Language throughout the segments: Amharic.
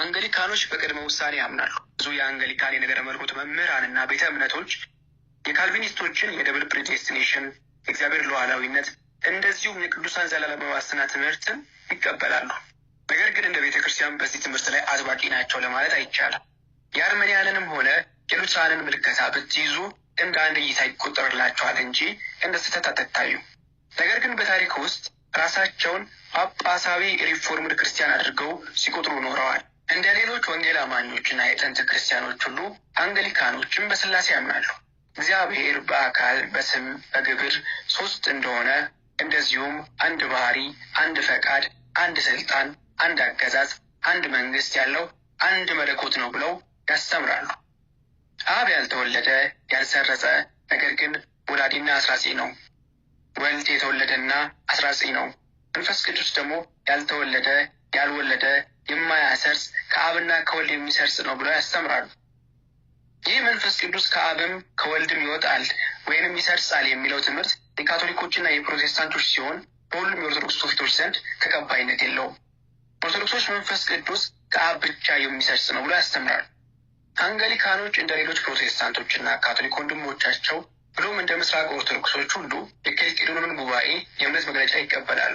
አንገሊካኖች በቅድመ ውሳኔ ያምናሉ። ብዙ የአንገሊካን የነገረ መምህራን መምህራንና ቤተ እምነቶች የካልቪኒስቶችን የደብል ፕሪዴስቲኔሽን፣ እግዚአብሔር ሉዓላዊነት እንደዚሁም የቅዱሳን ዘላለማዊ ዋስትና ትምህርትን ይቀበላሉ። ነገር ግን እንደ ቤተ ክርስቲያን በዚህ ትምህርት ላይ አጥባቂ ናቸው ለማለት አይቻልም። የአርመኒያንንም ሆነ የሉትራንን ምልከታ ብትይዙ እንደ አንድ እይታ ይቆጠርላቸዋል እንጂ እንደ ስህተት አትታዩ። ነገር ግን በታሪክ ውስጥ ራሳቸውን ጳጳሳዊ ሪፎርምድ ክርስቲያን አድርገው ሲቆጥሩ ኖረዋል። እንደ ሌሎች ወንጌል አማኞችና የጥንት ክርስቲያኖች ሁሉ አንግሊካኖችም በስላሴ ያምናሉ። እግዚአብሔር በአካል በስም በግብር ሶስት እንደሆነ እንደዚሁም አንድ ባህሪ፣ አንድ ፈቃድ፣ አንድ ስልጣን፣ አንድ አገዛዝ፣ አንድ መንግስት ያለው አንድ መለኮት ነው ብለው ያስተምራሉ። አብ ያልተወለደ ያልሰረጸ፣ ነገር ግን ወላዲና አስራጺ ነው። ወልድ የተወለደና አስራጺ ነው። መንፈስ ቅዱስ ደግሞ ያልተወለደ ያልወለደ የማያሰርጽ ከአብና ከወልድ የሚሰርጽ ነው ብለው ያስተምራሉ። ይህ መንፈስ ቅዱስ ከአብም ከወልድም ይወጣል ወይንም ይሰርጻል የሚለው ትምህርት የካቶሊኮችና የፕሮቴስታንቶች ሲሆን በሁሉም የኦርቶዶክስ ቶፊቶች ዘንድ ተቀባይነት የለውም። ኦርቶዶክሶች መንፈስ ቅዱስ ከአብ ብቻ የሚሰርጽ ነው ብሎ ያስተምራል። አንገሊካኖች እንደ ሌሎች ፕሮቴስታንቶችና ካቶሊክ ወንድሞቻቸው ብሎም እንደ ምስራቅ ኦርቶዶክሶች ሁሉ የኬልቄዶንን ጉባኤ የእምነት መግለጫ ይቀበላሉ።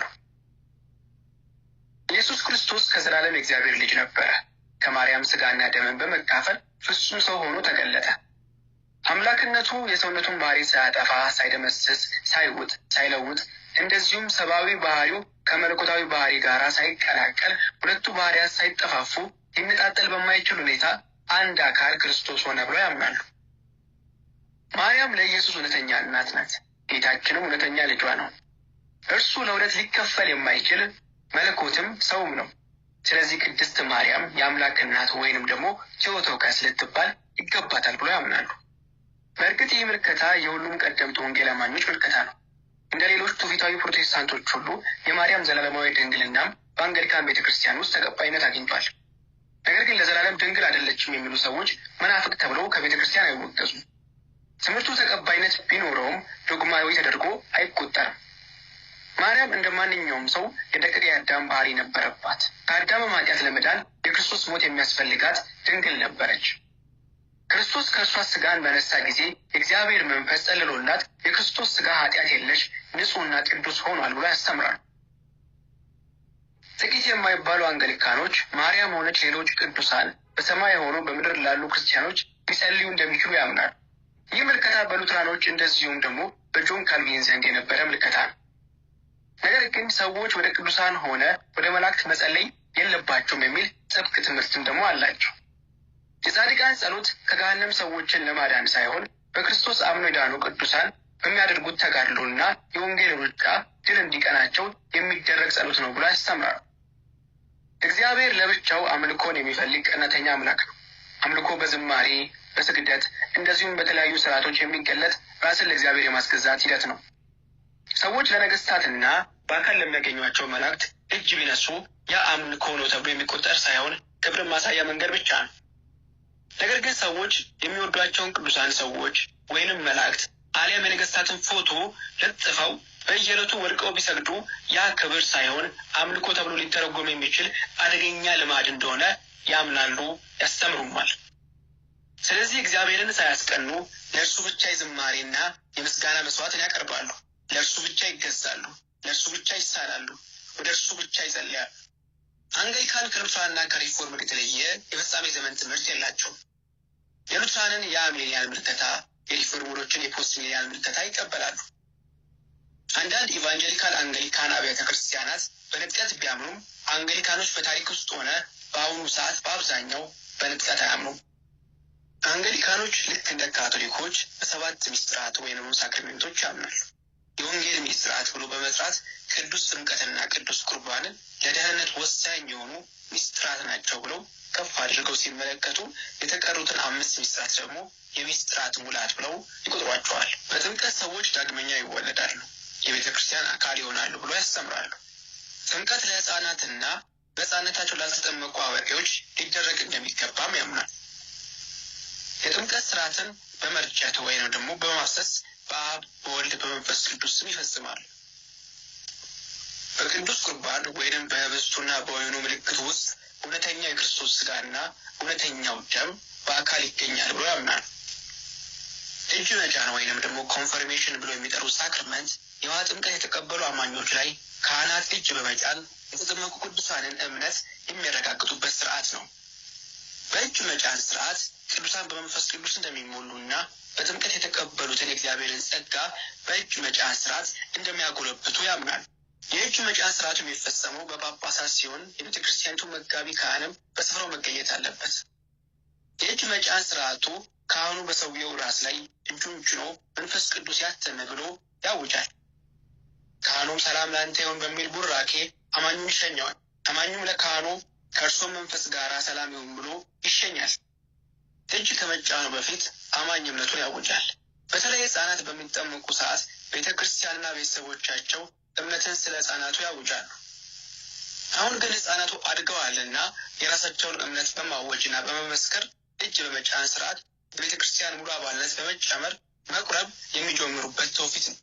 ኢየሱስ ክርስቶስ ከዘላለም እግዚአብሔር ልጅ ነበረ። ከማርያም ስጋና ደምን በመካፈል ፍጹም ሰው ሆኖ ተገለጠ። አምላክነቱ የሰውነቱን ባህሪ ሳያጠፋ፣ ሳይደመስስ፣ ሳይውጥ፣ ሳይለውጥ እንደዚሁም ሰብአዊ ባህሪው ከመለኮታዊ ባህሪ ጋር ሳይቀላቀል ሁለቱ ባህሪያት ሳይጠፋፉ ሊነጣጠል በማይችል ሁኔታ አንድ አካል ክርስቶስ ሆነ ብለው ያምናሉ። ማርያም ለኢየሱስ እውነተኛ እናት ናት። ጌታችንም እውነተኛ ልጇ ነው። እርሱ ለሁለት ሊከፈል የማይችል መለኮትም ሰውም ነው። ስለዚህ ቅድስት ማርያም የአምላክ እናት ወይንም ደግሞ ቴዎቶካስ ልትባል ይገባታል ብሎ ያምናሉ። በእርግጥ ይህ ምልከታ የሁሉም ቀደምት ወንጌል አማኞች ምልከታ ነው። እንደ ሌሎች ትውፊታዊ ፕሮቴስታንቶች ሁሉ የማርያም ዘላለማዊ ድንግልናም በአንገሊካን ቤተ ክርስቲያን ውስጥ ተቀባይነት አግኝቷል። ነገር ግን ለዘላለም ድንግል አይደለችም የሚሉ ሰዎች መናፍቅ ተብለው ከቤተ ክርስቲያን አይወገዙም። ትምህርቱ ተቀባይነት ቢኖረውም ዶግማዊ ተደርጎ አይቆጠርም። ማርያም እንደ ማንኛውም ሰው የደቂቀ አዳም ባህሪ ነበረባት። ከአዳም ኃጢአት ለመዳን የክርስቶስ ሞት የሚያስፈልጋት ድንግል ነበረች። ክርስቶስ ከእርሷ ስጋን በነሳ ጊዜ የእግዚአብሔር መንፈስ ጸልሎላት የክርስቶስ ስጋ ኃጢአት የለሽ ንጹሕና ቅዱስ ሆኗል ብሎ ያስተምራል። ጥቂት የማይባሉ አንገሊካኖች ማርያም ሆነች ሌሎች ቅዱሳን በሰማይ ሆኖ በምድር ላሉ ክርስቲያኖች ሊጸልዩ እንደሚችሉ ያምናል። ይህ ምልከታ በሉትራኖች እንደዚሁም ደግሞ በጆን ካልቪን ዘንድ የነበረ ምልከታ ነው። ነገር ግን ሰዎች ወደ ቅዱሳን ሆነ ወደ መላእክት መጸለይ የለባቸውም የሚል ጥብቅ ትምህርትም ደግሞ አላቸው። የጻድቃን ጸሎት ከገሃነም ሰዎችን ለማዳን ሳይሆን በክርስቶስ አምኖ የዳኑ ቅዱሳን በሚያደርጉት ተጋድሎና የወንጌል ሩጫ ድል እንዲቀናቸው የሚደረግ ጸሎት ነው ብሎ ያስተምራል። እግዚአብሔር ለብቻው አምልኮን የሚፈልግ ቀናተኛ አምላክ ነው። አምልኮ በዝማሬ በስግደት እንደዚሁም በተለያዩ ስርዓቶች የሚገለጥ ራስን ለእግዚአብሔር የማስገዛት ሂደት ነው። ሰዎች ለነገስታትና በአካል ለሚያገኟቸው መላእክት እጅ ቢነሱ ያ አምልኮ ነው ተብሎ የሚቆጠር ሳይሆን ክብርን ማሳያ መንገድ ብቻ ነው። ነገር ግን ሰዎች የሚወዷቸውን ቅዱሳን ሰዎች ወይንም መላእክት አሊያም የነገስታትን ፎቶ ለጥፈው በየዕለቱ ወድቀው ቢሰግዱ ያ ክብር ሳይሆን አምልኮ ተብሎ ሊተረጎም የሚችል አደገኛ ልማድ እንደሆነ ያምናሉ፣ ያስተምሩማል። ስለዚህ እግዚአብሔርን ሳያስቀኑ ለእርሱ ብቻ የዝማሬና የምስጋና መስዋዕትን ያቀርባሉ፣ ለእርሱ ብቻ ይገዛሉ። ለእርሱ ብቻ ይሳላሉ፣ ወደ እርሱ ብቻ ይጸልያሉ። አንግሊካን ከሉትራንና ከሪፎርም የተለየ የፍጻሜ ዘመን ትምህርት የላቸው የሉትራንን የአምሌኒያን ምልከታ፣ የሪፎርመሮችን የፖስት ሚሊያን ምልከታ ይቀበላሉ። አንዳንድ ኢቫንጀሊካል አንግሊካን አብያተ ክርስቲያናት በንጥቀት ቢያምኑም አንግሊካኖች በታሪክ ውስጥ ሆነ በአሁኑ ሰዓት በአብዛኛው በንጥቀት አያምኑም። አንግሊካኖች ልክ እንደ ካቶሊኮች በሰባት ሚስጥራት ወይም ሳክሪሜንቶች ያምናሉ። የወንጌል ሚስጥራት ብሎ በመጥራት ቅዱስ ጥምቀትና ቅዱስ ቁርባንን ለደህንነት ወሳኝ የሆኑ ሚስጥራት ናቸው ብለው ከፍ አድርገው ሲመለከቱ የተቀሩትን አምስት ሚስጥራት ደግሞ የሚስጥራት ሙላት ብለው ይቆጥሯቸዋል። በጥምቀት ሰዎች ዳግመኛ ይወለዳሉ፣ የቤተ ክርስቲያን አካል ይሆናሉ ብሎ ያስተምራሉ። ጥምቀት ለህፃናትና በህፃነታቸው ላልተጠመቁ አዋቂዎች ሊደረግ እንደሚገባም ያምናል። የጥምቀት ስርዓትን በመርጨት ወይም ደግሞ በማፍሰስ በአብ በወልድ በመንፈስ ቅዱስ ስም ይፈጽማል። በቅዱስ ቁርባን ወይንም በህብስቱና በወይኑ ምልክት ውስጥ እውነተኛ የክርስቶስ ስጋና እውነተኛው ደም በአካል ይገኛል ብሎ ያምናል። እጅ መጫን ወይንም ደግሞ ኮንፈርሜሽን ብሎ የሚጠሩት ሳክርመንት የውሃ ጥምቀት የተቀበሉ አማኞች ላይ ካህናት እጅ በመጫን የተጠመቁ ቅዱሳንን እምነት የሚያረጋግጡበት ስርዓት ነው። በእጅ መጫን ስርዓት ቅዱሳን በመንፈስ ቅዱስ እንደሚሞሉ እና በጥምቀት የተቀበሉትን የእግዚአብሔርን ጸጋ በእጅ መጫን ስርዓት እንደሚያጎለብቱ ያምናል። የእጅ መጫን ስርዓቱ የሚፈጸመው በጳጳሳት ሲሆን የቤተ ክርስቲያኒቱ መጋቢ ካህንም በስፍራው መገኘት አለበት። የእጅ መጫን ስርዓቱ ካህኑ በሰውየው ራስ ላይ እጁን ጭኖ መንፈስ ቅዱስ ያተመ ብሎ ያውጃል። ካህኑም ሰላም ለአንተ ይሁን በሚል ቡራኬ አማኙን ይሸኘዋል። አማኙም ለካህኑ ከእርሶም መንፈስ ጋር ሰላም ይሁን ብሎ ይሸኛል። እጅ ከመጫኑ በፊት እምነቱን ያውጃል። በተለይ ህጻናት በሚጠመቁ ሰዓት ቤተ ክርስቲያንና ቤተሰቦቻቸው እምነትን ስለ ህጻናቱ ያውጃሉ። አሁን ግን ህጻናቱ አድገዋልና የራሳቸውን እምነት በማወጅና በመመስከር እጅ በመጫን ስርዓት ቤተ ክርስቲያን ሙሉ አባልነት በመጨመር መቁረብ የሚጀምሩበት ትውፊት ነው።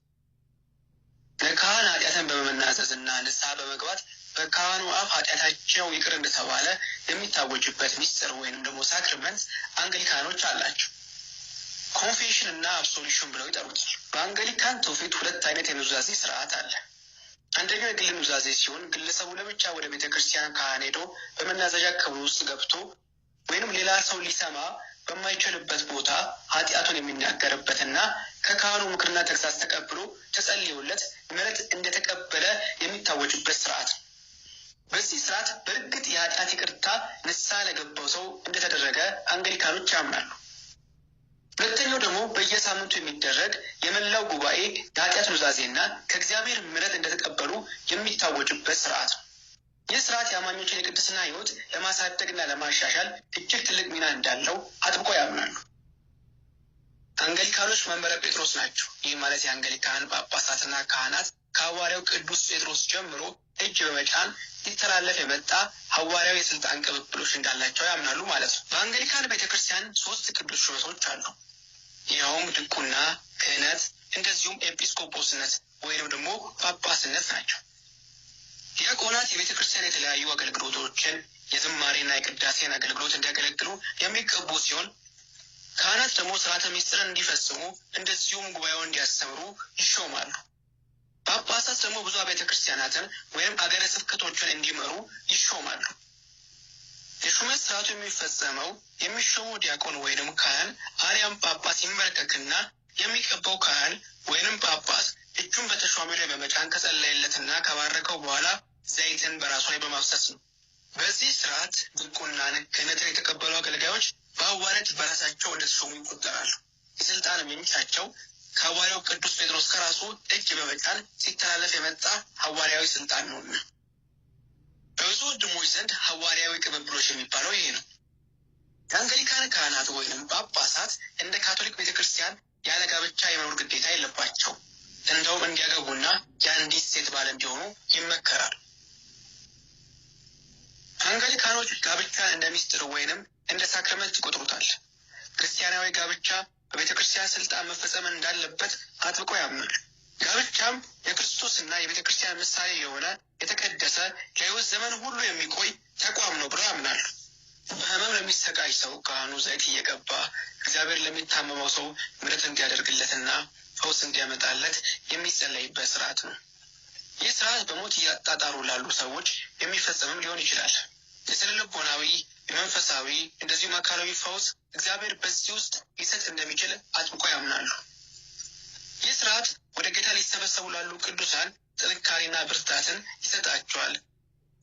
ለካህን ኃጢአትን በመናዘዝና ንስሐ በመግባት በካህኑ አፍ ኃጢአታቸው ይቅር እንደተባለ የሚታወጅበት ሚስጥር ወይንም ደግሞ ሳክርመንት አንግሊካኖች አላቸው። ኮንፌሽን እና አብሶሉሽን ብለው ይጠሩታል። በአንገሊካን ትውፊት ሁለት አይነት የኑዛዜ ስርዓት አለ። አንደኛው የግል ኑዛዜ ሲሆን ግለሰቡ ለብቻ ወደ ቤተ ክርስቲያን ካህን ሄዶ በመናዘዣ ክብር ውስጥ ገብቶ ወይንም ሌላ ሰው ሊሰማ በማይችልበት ቦታ ኃጢአቱን የሚናገርበትና ከካህኑ ምክርና ተግሳጽ ተቀብሎ ተጸልዮለት ምሕረት እንደተቀበለ የሚታወጅበት ስርዓት ነው። በዚህ ስርዓት በእርግጥ የኃጢአት ይቅርታ ንስሐ ለገባው ሰው እንደተደረገ አንገሊካኖች ያምናሉ። ሁለተኛው ደግሞ በየሳምንቱ የሚደረግ የመላው ጉባኤ የኃጢአት ኑዛዜና ከእግዚአብሔር ምረት እንደተቀበሉ የሚታወጅበት ስርዓት ነው። ይህ ስርዓት የአማኞችን የቅድስና ለማሳደግ ለማሳደግና ለማሻሻል እጅግ ትልቅ ሚና እንዳለው አጥብቆ ያምናሉ። አንገሊካኖች መንበረ ጴጥሮስ ናቸው። ይህ ማለት የአንገሊካን ጳጳሳትና ካህናት ከሐዋርያው ቅዱስ ጴጥሮስ ጀምሮ እጅ በመጫን ሊተላለፍ የመጣ ሐዋርያዊ የስልጣን ቅብብሎች እንዳላቸው ያምናሉ ማለት ነው። በአንገሊካን ቤተክርስቲያን ሶስት ቅዱስ ሹመቶች አሉ። ይኸውም ድቁና፣ ክህነት እንደዚሁም ኤጲስቆጶስነት ወይም ደግሞ ጳጳስነት ናቸው። ዲያቆናት የቤተ ክርስቲያን የተለያዩ አገልግሎቶችን የዝማሬና የቅዳሴን አገልግሎት እንዲያገለግሉ የሚገቡ ሲሆን ካህናት ደግሞ ስርዓተ ሚስጥርን እንዲፈጽሙ እንደዚሁም ጉባኤውን እንዲያስተምሩ ይሾማሉ። ጳጳሳት ደግሞ ብዙ ቤተ ክርስቲያናትን ወይም አገረ ስብከቶችን እንዲመሩ ይሾማሉ። የሹመት ስርዓቱ የሚፈጸመው የሚሾሙ ዲያቆን ወይንም ካህን አሊያም ጳጳስ ይመረቀቅና የሚቀባው ካህን ወይንም ጳጳስ እጁን በተሿሚ ላይ በመጫን ከጸለየለትና ከባረከው በኋላ ዘይትን በራሱ ላይ በማፍሰስ ነው። በዚህ ስርዓት ድቁናን ክህነትን የተቀበሉ አገልጋዮች በአዋረድ በራሳቸው ወደ እንደተሾሙ ይቆጠራሉ። የስልጣን ምንጫቸው ከሐዋርያው ቅዱስ ጴጥሮስ ከራሱ እጅ በመጫን ሲተላለፍ የመጣ ሐዋርያዊ ስልጣን ነውና በብዙ ወንድሞች ዘንድ ሐዋርያዊ ቅብብሎች የሚባለው ይሄ ነው። የአንግሊካን ካህናት ወይም ጳጳሳት እንደ ካቶሊክ ቤተ ክርስቲያን ያለ ጋብቻ የመኖር ግዴታ የለባቸው። እንደውም እንዲያገቡና የአንዲት ሴት ባል እንዲሆኑ ይመከራል። አንግሊካኖች ጋብቻን እንደ ሚስጥር ወይንም እንደ ሳክረመንት ይቆጥሩታል። ክርስቲያናዊ ጋብቻ በቤተ ክርስቲያን ስልጣን መፈጸም እንዳለበት አጥብቆ ያምናል። ጋብቻም የክርስቶስና የቤተ ክርስቲያን ምሳሌ የሆነ የተቀደሰ ለሕይወት ዘመን ሁሉ የሚቆይ ተቋም ነው ብለው ያምናሉ። በሕመም ለሚሰቃይ ሰው ካህኑ ዘይት እየቀባ እግዚአብሔር ለሚታመመው ሰው ምሕረት እንዲያደርግለትና ፈውስ እንዲያመጣለት የሚጸለይበት ስርዓት ነው። ይህ ስርዓት በሞት እያጣጣሩ ላሉ ሰዎች የሚፈጸምም ሊሆን ይችላል። የስነ ልቦናዊ፣ የመንፈሳዊ እንደዚሁም አካላዊ ፈውስ እግዚአብሔር በዚህ ውስጥ ሊሰጥ እንደሚችል አጥብቆ ያምናሉ። ስርዓት ወደ ጌታ ሊሰበሰቡ ላሉ ቅዱሳን ጥንካሬና ብርታትን ይሰጣቸዋል።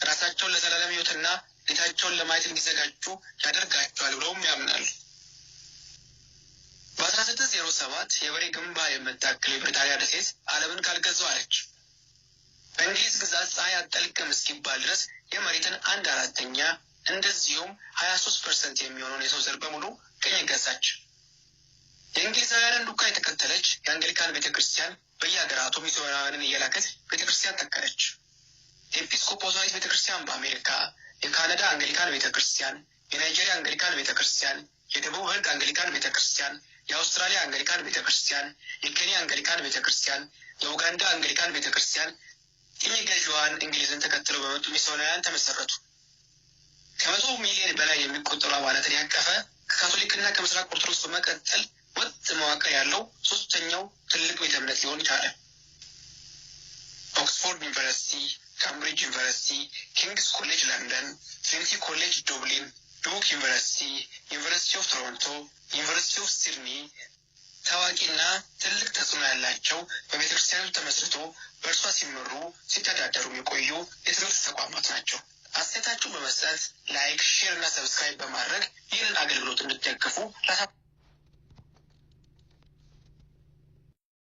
ራሳቸውን ለዘላለም ሕይወትና ጌታቸውን ለማየት እንዲዘጋጁ ያደርጋቸዋል ብለውም ያምናል። በአስራ ስድስት ዜሮ ሰባት የበሬ ግንባር የምታክል የብሪታንያ ደሴት ዓለምን አለች። በእንግሊዝ ግዛት ፀሐይ አጠልቅም እስኪባል ድረስ የመሬትን አንድ አራተኛ እንደዚሁም ሀያ ሶስት ፐርሰንት የሚሆነውን የሰው ዘር በሙሉ ቅኝ ገዛች። የእንግሊዛውያንን ዱካ የተከተለች የአንግሊካን ቤተክርስቲያን በየሀገራቱ ሚስዮናውያንን እየላከች ቤተክርስቲያን ተከለች። የኤጲስቆጶሳዊት ቤተክርስቲያን በአሜሪካ፣ የካናዳ አንግሊካን ቤተክርስቲያን የናይጄሪያ አንግሊካን ቤተክርስቲያን የደቡብ ህግ አንግሊካን ቤተክርስቲያን የአውስትራሊያ አንግሊካን ቤተክርስቲያን የኬንያ አንግሊካን ቤተክርስቲያን የኡጋንዳ አንግሊካን ቤተክርስቲያን ክርስቲያን እንግሊዝን ተከትለው በመጡ ሚስዮናውያን ተመሰረቱ። ከመቶ ሚሊዮን በላይ የሚቆጠሩ አባላትን ያቀፈ ከካቶሊክና ከምስራቅ ኦርቶዶክስ በመቀጠል ወጥ መዋቅር ያለው ሶስተኛው ትልቅ ቤተ እምነት ሊሆን ይቻላል። ኦክስፎርድ ዩኒቨርሲቲ፣ ካምብሪጅ ዩኒቨርሲቲ፣ ኪንግስ ኮሌጅ ለንደን፣ ትሪኒቲ ኮሌጅ ዱብሊን፣ ዱክ ዩኒቨርሲቲ፣ ዩኒቨርሲቲ ኦፍ ቶሮንቶ፣ ዩኒቨርሲቲ ኦፍ ሲድኒ ታዋቂና ትልቅ ተጽዕኖ ያላቸው በቤተክርስቲያኑ ተመስርቶ በእርሷ ሲመሩ ሲተዳደሩ የቆዩ የትምህርት ተቋማት ናቸው። አስተያየታችሁን በመስጠት ላይክ፣ ሼር እና ሰብስክራይብ በማድረግ ይህንን አገልግሎት እንድትደግፉ